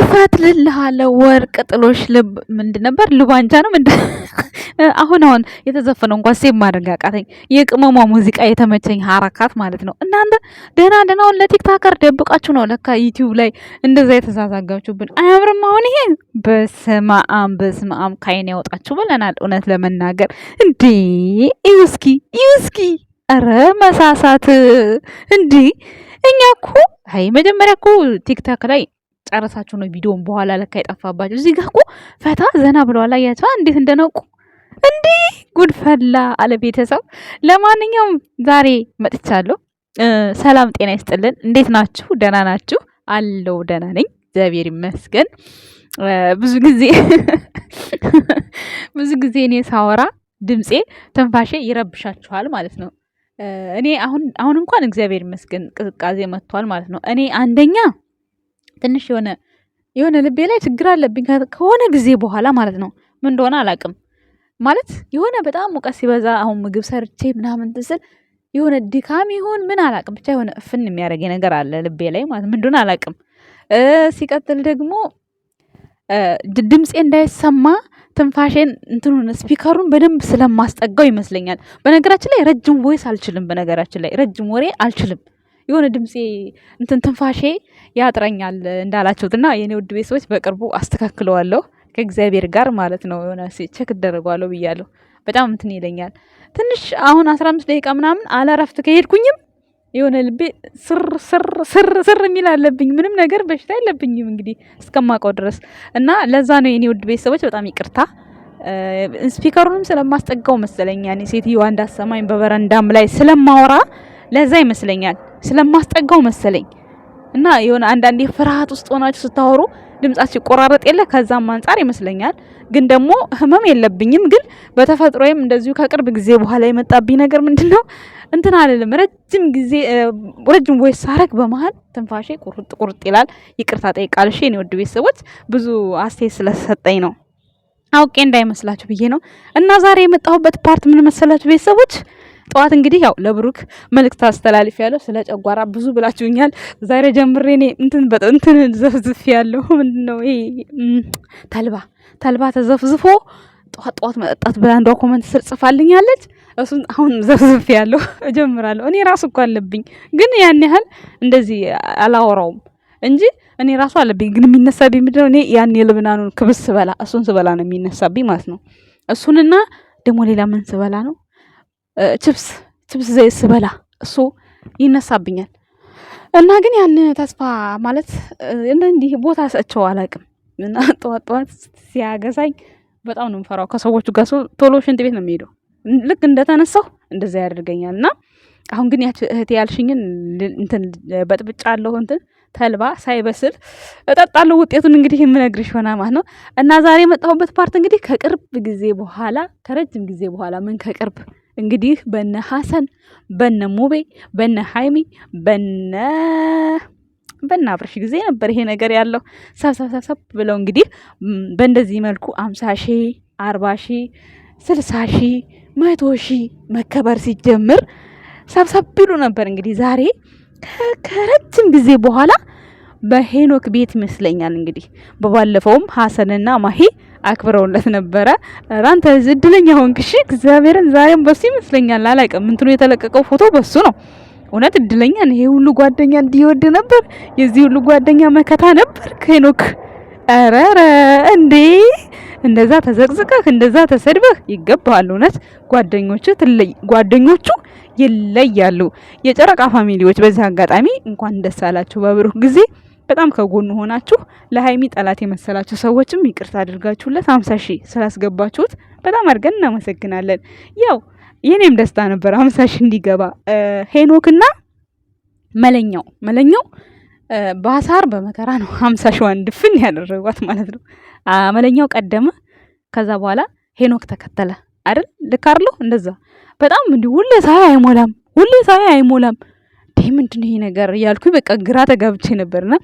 እፈትልልሃለሁ ወርቅ ጥሎሽ ልብ ምንድን ነበር ልባንቻ ነው አሁን አሁን የተዘፈነው እንኳን ሴም ማድረግ አቃተኝ። የቅመሟ ሙዚቃ የተመቸኝ ሀረካት ማለት ነው። እናንተ ደህና ደህናውን ለቲክታከር ደብቃችሁ ነው ለካ ዩቲዩብ ላይ እንደዛ የተዛዛጋችሁብን። አያምርም። አሁን ይሄ በስማአም በስማአም ካይን ያወጣችሁ ብለናል። እውነት ለመናገር እንዴ ይውስኪ ይውስኪ ኧረ መሳሳት እንዲህ እኛ እኮ አይ መጀመሪያ እኮ ቲክታክ ላይ ጨረሳችሁ ነው ቪዲዮን በኋላ ለካ የጠፋባቸው እዚህ ጋር እኮ ፈታ ዘና ብለዋል። አያቸዋ እንዴት እንደነቁ እንዲህ ጉድ ፈላ አለ ቤተሰብ። ለማንኛውም ዛሬ መጥቻለሁ። ሰላም ጤና ይስጥልን። እንዴት ናችሁ? ደህና ናችሁ? አለው ደህና ነኝ እግዚአብሔር ይመስገን። ብዙ ጊዜ ብዙ ጊዜ እኔ ሳወራ ድምፄ ትንፋሼ ይረብሻችኋል ማለት ነው። እኔ አሁን አሁን እንኳን እግዚአብሔር ይመስገን ቅዝቃዜ መጥቷል ማለት ነው። እኔ አንደኛ ትንሽ የሆነ የሆነ ልቤ ላይ ችግር አለብኝ ከሆነ ጊዜ በኋላ ማለት ነው። ምን እንደሆነ አላውቅም። ማለት የሆነ በጣም ሙቀት ሲበዛ አሁን ምግብ ሰርቼ ምናምን ትስል የሆነ ድካም ይሁን ምን አላውቅም፣ ብቻ የሆነ እፍን የሚያደርግ ነገር አለ ልቤ ላይ ማለት ምን እንደሆነ አላውቅም። ሲቀጥል ደግሞ ድምፄ እንዳይሰማ ትንፋሽን እንትኑን ስፒከሩን በደንብ ስለማስጠጋው ይመስለኛል። በነገራችን ላይ ረጅም ቮይስ አልችልም። በነገራችን ላይ ረጅም ወሬ አልችልም። የሆነ ድምፄ እንትን ትንፋሼ ያጥረኛል እንዳላችሁት እና የኔ ውድ ቤት ሰዎች በቅርቡ አስተካክለዋለሁ ከእግዚአብሔር ጋር ማለት ነው። የሆነ ቼክ እደረጓለሁ ብያለሁ። በጣም እንትን ይለኛል ትንሽ አሁን አስራ አምስት ደቂቃ ምናምን አለ እረፍት ከሄድኩኝም የሆነ ልቤ ስር ስር ስር ስር የሚል አለብኝ። ምንም ነገር በሽታ የለብኝም እንግዲህ እስከማውቀው ድረስ እና ለዛ ነው የኔ ውድ ቤተሰቦች በጣም ይቅርታ። ስፒከሩንም ስለማስጠጋው መሰለኝ ያኔ ሴትዮዋ እንዳሰማኝ በበረንዳም ላይ ስለማወራ ለዛ ይመስለኛል ስለማስጠጋው መሰለኝ እና የሆነ አንዳንዴ ፍርሃት ውስጥ ሆናችሁ ስታወሩ ድምጻችሁ ይቆራረጥ የለ ከዛም አንጻር ይመስለኛል። ግን ደግሞ ህመም የለብኝም። ግን ወይም እንደዚሁ ከቅርብ ጊዜ በኋላ የመጣብኝ ነገር ምንድን ነው እንትን አልልም። ረጅም ጊዜ ረጅም ወይ ሳረግ በመሀል ትንፋሼ ቁርጥ ቁርጥ ይላል። ይቅርታ እሺ የኔ ውድ ቤተሰቦች ብዙ አስቴ ስለሰጠኝ ነው አውቄ እንዳይመስላችሁ ብዬ ነው። እና ዛሬ የመጣሁበት ፓርት ምን መሰላችሁ ቤተሰቦች? ጠዋት እንግዲህ ያው ለብሩክ መልእክት አስተላልፍ ያለው ስለ ጨጓራ ብዙ ብላችሁኛል። ዛሬ ጀምሬ እኔ እንትን እንትን ዘፍዝፍ ያለው ምንድን ነው ይሄ ተልባ ተልባ ተዘፍዝፎ ጠዋት ጠዋት መጠጣት ብላ ኮመንት ስር ጽፋልኛለች። እሱን አሁን ዘብዝፍ ያለው እጀምራለሁ። እኔ ራሱ እኮ አለብኝ፣ ግን ያን ያህል እንደዚህ አላወራውም እንጂ እኔ ራሱ አለብኝ። ግን የሚነሳብኝ ምንድነው? እኔ ያን የልብናኑን ክብስ ስበላ እሱን ስበላ ነው የሚነሳብኝ ማለት ነው። እሱንና ደግሞ ሌላ ምን ስበላ ነው? ችፕስ ችፕስ ዘይት ስበላ እሱ ይነሳብኛል። እና ግን ያን ተስፋ ማለት እንዲህ ቦታ ሰቸው አላውቅም። እና ጠዋት ጠዋት በጣም ነው የምፈራው። ከሰዎቹ ጋር ቶሎ ሽንት ቤት ነው የሚሄደው ልክ እንደተነሳሁ እንደዛ ያደርገኛል። እና አሁን ግን ያች እህቴ ያልሽኝን እንትን በጥብጫ አለሁ እንትን ተልባ ሳይበስል እጠጣለሁ። ውጤቱን እንግዲህ የምነግርሽ ሆና ማለት ነው። እና ዛሬ የመጣሁበት ፓርት እንግዲህ ከቅርብ ጊዜ በኋላ ከረጅም ጊዜ በኋላ ምን ከቅርብ እንግዲህ በነ ሀሰን በነ ሙቤ በነ ሀይሚ በነ በና አብረሽ ጊዜ ነበር ይሄ ነገር ያለው። ሰብሰብሰብሰብ ብለው እንግዲህ በእንደዚህ መልኩ አምሳ ሺህ አርባ ሺህ ስልሳ ሺህ መቶ ሺህ መከበር ሲጀምር ሰብሰብ ብሎ ነበር። እንግዲህ ዛሬ ከረጅም ጊዜ በኋላ በሄኖክ ቤት ይመስለኛል። እንግዲህ በባለፈውም ሀሰንና ማሂ አክብረውለት ነበረ። ራንተ እድለኛ ሆንክሽ። እግዚአብሔርን ዛሬም በሱ ይመስለኛል። አላውቅም፣ እንትኑ የተለቀቀው ፎቶ በሱ ነው። እውነት እድለኛ ነው። ይሄ ሁሉ ጓደኛ እንዲወድ ነበር። የዚህ ሁሉ ጓደኛ መከታ ነበር ሄኖክ። ኧረ ኧረ እንዴ እንደዛ ተዘቅዝቀህ እንደዛ ተሰድበህ ይገባሃል። እውነት ጓደኞቹ ጓደኞቹ ይለያሉ። የጨረቃ ፋሚሊዎች በዚህ አጋጣሚ እንኳን ደስ አላችሁ። በብሩክ ጊዜ በጣም ከጎኑ ሆናችሁ ለሀይሚ ጠላት የመሰላችሁ ሰዎችም ይቅርታ አድርጋችሁለት ሀምሳ ሺህ ስላስገባችሁት በጣም አድርገን እናመሰግናለን። ያው የኔም ደስታ ነበር ሀምሳ ሺ እንዲገባ ሄኖክና መለኛው መለኛው በአሳር በመከራ ነው ሀምሳ ሺዋን ድፍን ያደረጓት ማለት ነው። አመለኛው ቀደመ፣ ከዛ በኋላ ሄኖክ ተከተለ አይደል? ልካርሎ እንደዛ በጣም እንዲ ሁሌ ሳይ አይሞላም፣ ሁሌ ሳይ አይሞላም። ይህ ምንድን ይሄ ነገር እያልኩ በቃ ግራ ተጋብቼ ነበርና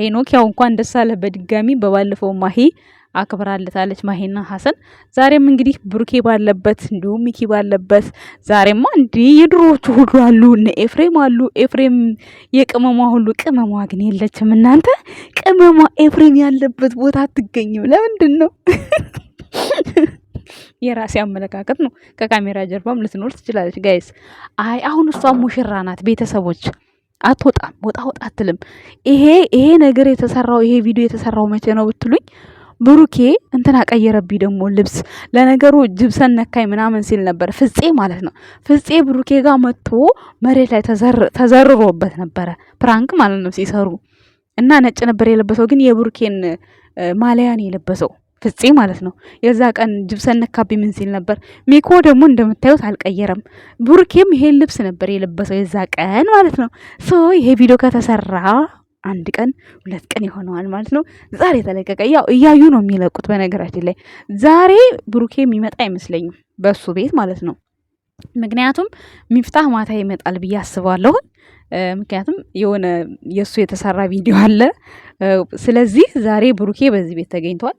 ሄኖክ ያው እንኳን ደስ አለህ በድጋሚ በባለፈው ማሄ አክብራለታለች ማሄና ሀሰን። ዛሬም እንግዲህ ብሩኬ ባለበት እንዲሁም ሚኪ ባለበት ዛሬማ እንዲ የድሮዎቹ ሁሉ አሉ፣ እነ ኤፍሬም አሉ። ኤፍሬም የቅመሟ ሁሉ ቅመሟ ግን የለችም እናንተ። ቅመሟ ኤፍሬም ያለበት ቦታ አትገኝም። ለምንድን ነው? የራሴ አመለካከት ነው። ከካሜራ ጀርባም ልትኖር ትችላለች። ጋይስ አይ አሁን እሷ ሙሽራ ናት። ቤተሰቦች አትወጣም፣ ወጣ ወጣ አትልም። ይሄ ይሄ ነገር የተሰራው ይሄ ቪዲዮ የተሰራው መቼ ነው ብትሉኝ ብሩኬ እንትና ቀየረብኝ ደግሞ ልብስ። ለነገሩ ጅብሰን ነካኝ ምናምን ሲል ነበር ፍፄ ማለት ነው። ፍፄ ብሩኬ ጋር መጥቶ መሬት ላይ ተዘርሮበት ነበረ ፕራንክ ማለት ነው ሲሰሩ እና ነጭ ነበር የለበሰው፣ ግን የብሩኬን ማሊያን የለበሰው ፍፄ ማለት ነው። የዛ ቀን ጅብሰን ነካብኝ ምን ሲል ነበር። ሚኮ ደግሞ እንደምታዩት አልቀየረም። ብሩኬም ይሄን ልብስ ነበር የለበሰው የዛ ቀን ማለት ነው። ሶ ይሄ ቪዲዮ ከተሰራ አንድ ቀን ሁለት ቀን ይሆነዋል ማለት ነው። ዛሬ ተለቀቀ። ያው እያዩ ነው የሚለቁት። በነገራችን ላይ ዛሬ ብሩኬ የሚመጣ አይመስለኝም በእሱ ቤት ማለት ነው። ምክንያቱም ሚፍታህ ማታ ይመጣል ብዬ አስባለሁ። ምክንያቱም የሆነ የእሱ የተሰራ ቪዲዮ አለ። ስለዚህ ዛሬ ብሩኬ በዚህ ቤት ተገኝቷል።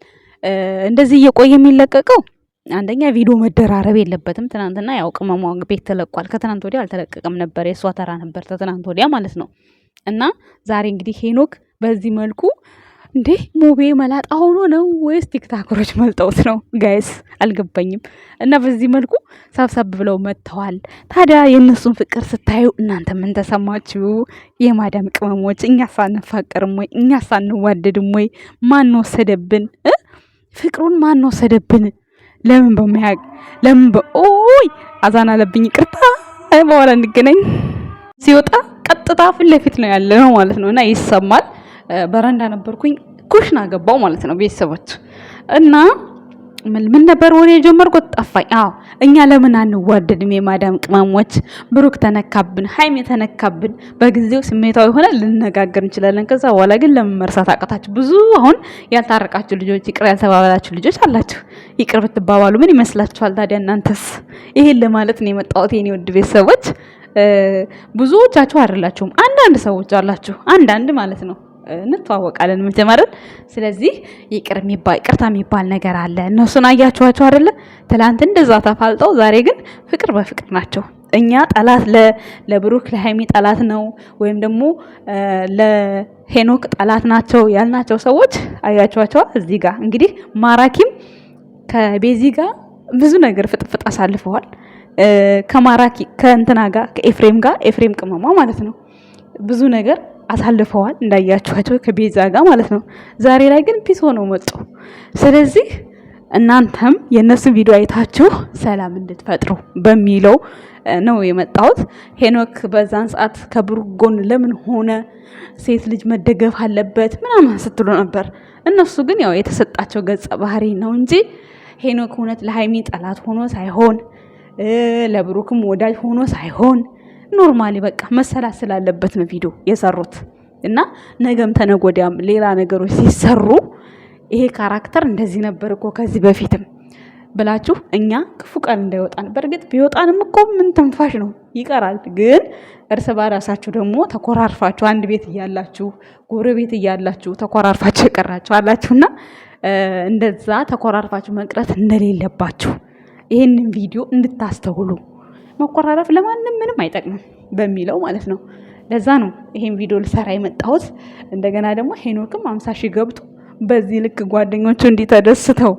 እንደዚህ እየቆየ የሚለቀቀው አንደኛ ቪዲዮ መደራረብ የለበትም። ትናንትና ያው ቅመሟ ቤት ተለቋል። ከትናንት ወዲያ አልተለቀቀም ነበር፣ የእሷ ተራ ነበር። ከትናንት ወዲያ ማለት ነው። እና ዛሬ እንግዲህ ሄኖክ በዚህ መልኩ እንዴ ሙቤ መላጣ ሆኖ ነው ወይስ ቲክታክሮች መልጠውት ነው? ጋይስ አልገባኝም። እና በዚህ መልኩ ሰብሰብ ብለው መጥተዋል። ታዲያ የእነሱን ፍቅር ስታዩ እናንተ ምን ተሰማችሁ? የማዳም ቅመሞች እኛ ሳንፋቀርም ወይ እኛ ሳንዋደድም ወይ ማን ወሰደብን? ፍቅሩን ማን ወሰደብን? ለምን በማያቅ ለምን በኦይ አዛን አለብኝ። ቅርታ በኋላ እንገናኝ ሲወጣ ቀጥታ ፊት ለፊት ነው ያለ ነው ማለት ነው እና ይሰማል። በረንዳ ነበርኩኝ ኩሽና ገባው ማለት ነው ቤተሰቦች እና ምን ነበር ወሬ የጀመርኩት ጠፋኝ። አዎ እኛ ለምን አንዋደድም? የማዳም ቅመሞች ብሩክ ተነካብን፣ ሀይም ተነካብን። በጊዜው ስሜታዊ ሆነ ልነጋገር እንችላለን። ከዛ በኋላ ግን ለምን መርሳት አቃታችሁ? ብዙ አሁን ያልታረቃችሁ ልጆች፣ ይቅር ያልተባባላችሁ ልጆች አላችሁ። ይቅር ብትባባሉ ምን ይመስላችኋል ታዲያ? እናንተስ ይሄን ለማለት ነው የመጣሁት የኔ ውድ ቤተሰቦች። ብዙዎቻችሁ አይደላችሁም፣ አንዳንድ ሰዎች አላችሁ። አንዳንድ ማለት ነው እንተዋወቃለን ምትማርን። ስለዚህ ይቅር የሚባል ይቅርታ የሚባል ነገር አለ። እነሱን አያችኋቸው አይደለ? ትላንት እንደዛ ተፋልጠው ዛሬ ግን ፍቅር በፍቅር ናቸው። እኛ ጠላት ለብሩክ ለሃይሚ ጠላት ነው ወይም ደግሞ ለሄኖክ ጠላት ናቸው ያልናቸው ሰዎች አያችኋቸዋ። እዚህ ጋር እንግዲህ ማራኪም ከቤዚ ጋር ብዙ ነገር ፍጥፍጥ አሳልፈዋል። ከማራኪ ከእንትና ጋር ከኤፍሬም ጋር ኤፍሬም ቅመማ ማለት ነው ብዙ ነገር አሳልፈዋል እንዳያችኋቸው ከቤዛ ጋር ማለት ነው። ዛሬ ላይ ግን ፒስ ሆነው መጡ። ስለዚህ እናንተም የእነሱ ቪዲዮ አይታችሁ ሰላም እንድትፈጥሩ በሚለው ነው የመጣሁት። ሄኖክ በዛን ሰዓት ከብሩክ ጎን ለምን ሆነ ሴት ልጅ መደገፍ አለበት ምናምን ስትሉ ነበር። እነሱ ግን ያው የተሰጣቸው ገጸ ባህሪ ነው እንጂ ሄኖክ እውነት ለሀይሚ ጠላት ሆኖ ሳይሆን ለብሩክም ወዳጅ ሆኖ ሳይሆን ኖርማሊ በቃ መሰላት ስላለበት ነው ቪዲዮ የሰሩት እና ነገም ተነጎዳም ሌላ ነገሮች ሲሰሩ ይሄ ካራክተር እንደዚህ ነበር እኮ ከዚህ በፊትም ብላችሁ እኛ ክፉ ቃል እንዳይወጣን። በእርግጥ ቢወጣንም እኮ ምን ትንፋሽ ነው ይቀራል። ግን እርስ በራሳችሁ ደግሞ ተኮራርፋችሁ አንድ ቤት እያላችሁ ጎረቤት እያላችሁ ተኮራርፋችሁ የቀራችሁ አላችሁና እንደዛ ተኮራርፋችሁ መቅረት እንደሌለባችሁ ይሄንን ቪዲዮ እንድታስተውሉ መቆራረፍ ለማንም ምንም አይጠቅምም በሚለው ማለት ነው። ለዛ ነው ይሄን ቪዲዮ ልሰራ የመጣሁት። እንደገና ደግሞ ሄኖክም አምሳ ሺህ ገብቶ በዚህ ልክ ጓደኞቹ እንዲህ ተደስተው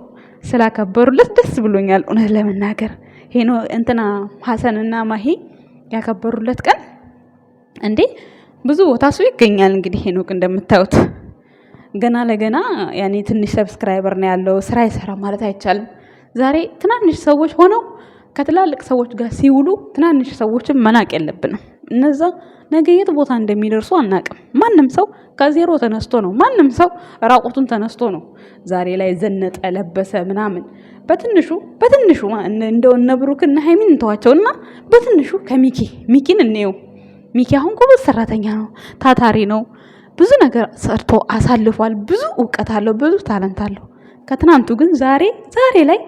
ስላከበሩለት ደስ ብሎኛል። እውነት ለመናገር ሄኖ እንትና ሀሰንና ማሂ ያከበሩለት ቀን እንዴ ብዙ ቦታ ሰው ይገኛል። እንግዲህ ሄኖክ እንደምታዩት ገና ለገና ያኔ ትንሽ ሰብስክራይበር ነው ያለው። ስራ ይሰራ ማለት አይቻልም። ዛሬ ትናንሽ ሰዎች ሆነው ከትላልቅ ሰዎች ጋር ሲውሉ ትናንሽ ሰዎችን መናቅ የለብንም። እነዛ ነገ የት ቦታ እንደሚደርሱ አናቅም። ማንም ሰው ከዜሮ ተነስቶ ነው። ማንም ሰው ራቁቱን ተነስቶ ነው ዛሬ ላይ ዘነጠ፣ ለበሰ ምናምን። በትንሹ በትንሹ እንደው እነ ብሩክና ሀይሚን እንተዋቸውና በትንሹ ከሚኪ ሚኪን እንየው። ሚኪ አሁን ጎበዝ ሰራተኛ ነው፣ ታታሪ ነው። ብዙ ነገር ሰርቶ አሳልፏል። ብዙ እውቀት አለው፣ ብዙ ታለንት አለው። ከትናንቱ ግን ዛሬ ዛሬ ላይ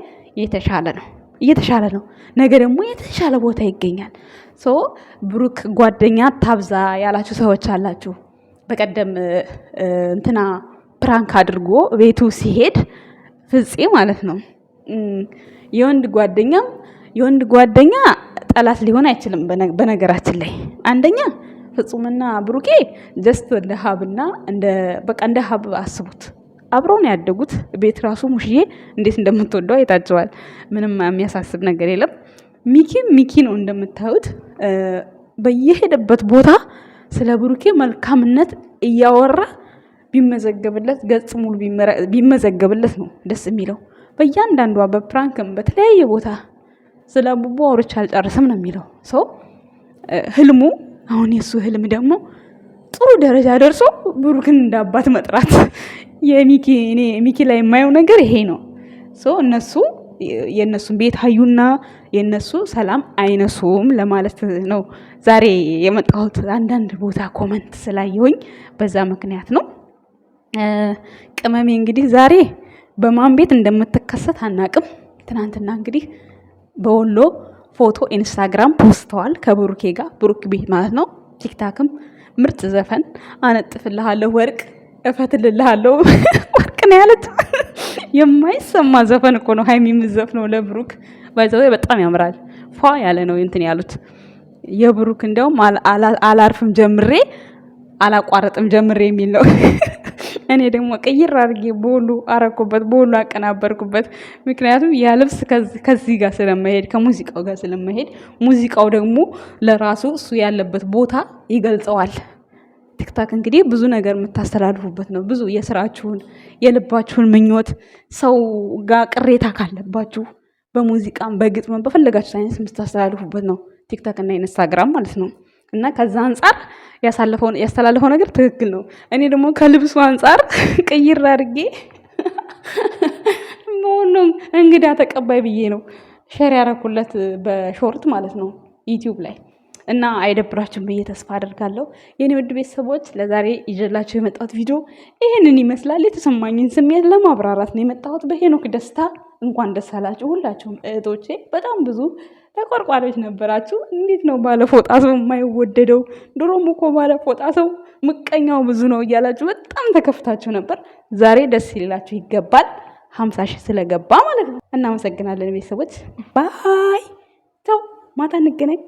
የተሻለ ነው እየተሻለ ነው። ነገ ደግሞ የተሻለ ቦታ ይገኛል። ሶ ብሩክ ጓደኛ ታብዛ ያላችሁ ሰዎች አላችሁ። በቀደም እንትና ፕራንክ አድርጎ ቤቱ ሲሄድ ፍፄ ማለት ነው የወንድ ጓደኛም የወንድ ጓደኛ ጠላት ሊሆን አይችልም። በነገራችን ላይ አንደኛ ፍጹምና ብሩኬ ጀስት እንደ ሀብና እንደ በቃ እንደ ሀብ አስቡት። አብረው ነው ያደጉት። ቤት ራሱ ሙሽዬ እንዴት እንደምትወደው አይታችኋል። ምንም የሚያሳስብ ነገር የለም። ሚኪ ሚኪ ነው እንደምታዩት። በየሄደበት ቦታ ስለ ብሩኬ መልካምነት እያወራ ቢመዘገብለት ገጽ ሙሉ ቢመዘገብለት ነው ደስ የሚለው። በእያንዳንዷ በፕራንክም በተለያየ ቦታ ስለ ቡቦ አውርቼ አልጨርስም ነው የሚለው ሰው ህልሙ። አሁን የእሱ ህልም ደግሞ ጥሩ ደረጃ ደርሶ ብሩክን እንዳባት መጥራት የሚኪ እኔ ሚኪ ላይ የማየው ነገር ይሄ ነው። ሶ እነሱ የእነሱን ቤት ሀዩና የእነሱ ሰላም አይነሱም ለማለት ነው ዛሬ የመጣሁት። አንዳንድ ቦታ ኮመንት ስላየሁኝ በዛ ምክንያት ነው። ቅመሜ እንግዲህ ዛሬ በማን ቤት እንደምትከሰት አናቅም። ትናንትና እንግዲህ በወሎ ፎቶ ኢንስታግራም ፖስተዋል ከብሩኬ ጋር ብሩክ ቤት ማለት ነው። ቲክታክም ምርጥ ዘፈን አነጥፍልሃለሁ ወርቅ እፈትልልሃለሁ ወርቅ ነው ያለት። የማይሰማ ዘፈን እኮ ነው ሀይሚ የምትዘፍነው ለብሩክ። ባይዘው በጣም ያምራል። ፏ ያለ ነው እንትን ያሉት የብሩክ እንደውም አላርፍም ጀምሬ አላቋረጥም ጀምሬ የሚል ነው። እኔ ደግሞ ቅይር አድርጌ ቦሉ አረኩበት፣ ቦሉ አቀናበርኩበት። ምክንያቱም ያ ልብስ ከዚህ ጋር ስለመሄድ ከሙዚቃው ጋር ስለመሄድ ሙዚቃው ደግሞ ለራሱ እሱ ያለበት ቦታ ይገልጸዋል። ቲክታክ እንግዲህ ብዙ ነገር የምታስተላልፉበት ነው። ብዙ የስራችሁን የልባችሁን ምኞት ሰው ጋር ቅሬታ ካለባችሁ በሙዚቃም በግጥም በፈለጋችሁት አይነት የምታስተላልፉበት ነው። ቲክታክ እና ኢንስታግራም ማለት ነው። እና ከዛ አንጻር ያስተላለፈው ነገር ትክክል ነው። እኔ ደግሞ ከልብሱ አንጻር ቅይር አድርጌ በሁሉም እንግዳ ተቀባይ ብዬ ነው ሼር ያረኩለት በሾርት ማለት ነው ዩቲዩብ ላይ እና አይደብራችሁም ብዬ ተስፋ አደርጋለሁ። የኔ ውድ ቤተሰቦች ለዛሬ ይዤላችሁ የመጣሁት ቪዲዮ ይህንን ይመስላል። የተሰማኝን ስሜት ለማብራራት ነው የመጣሁት። በሄኖክ ደስታ እንኳን ደስ አላችሁ ሁላችሁም እህቶቼ። በጣም ብዙ ተቆርቋሪዎች ነበራችሁ። እንዴት ነው ባለፎጣ ሰው የማይወደደው? ድሮም እኮ ባለፎጣ ሰው ምቀኛው ብዙ ነው እያላችሁ በጣም ተከፍታችሁ ነበር። ዛሬ ደስ ይላችሁ ይገባል። ሀምሳ ሺህ ስለገባ ማለት ነው። እናመሰግናለን ቤተሰቦች። ባይ ተው፣ ማታ እንገናኝ።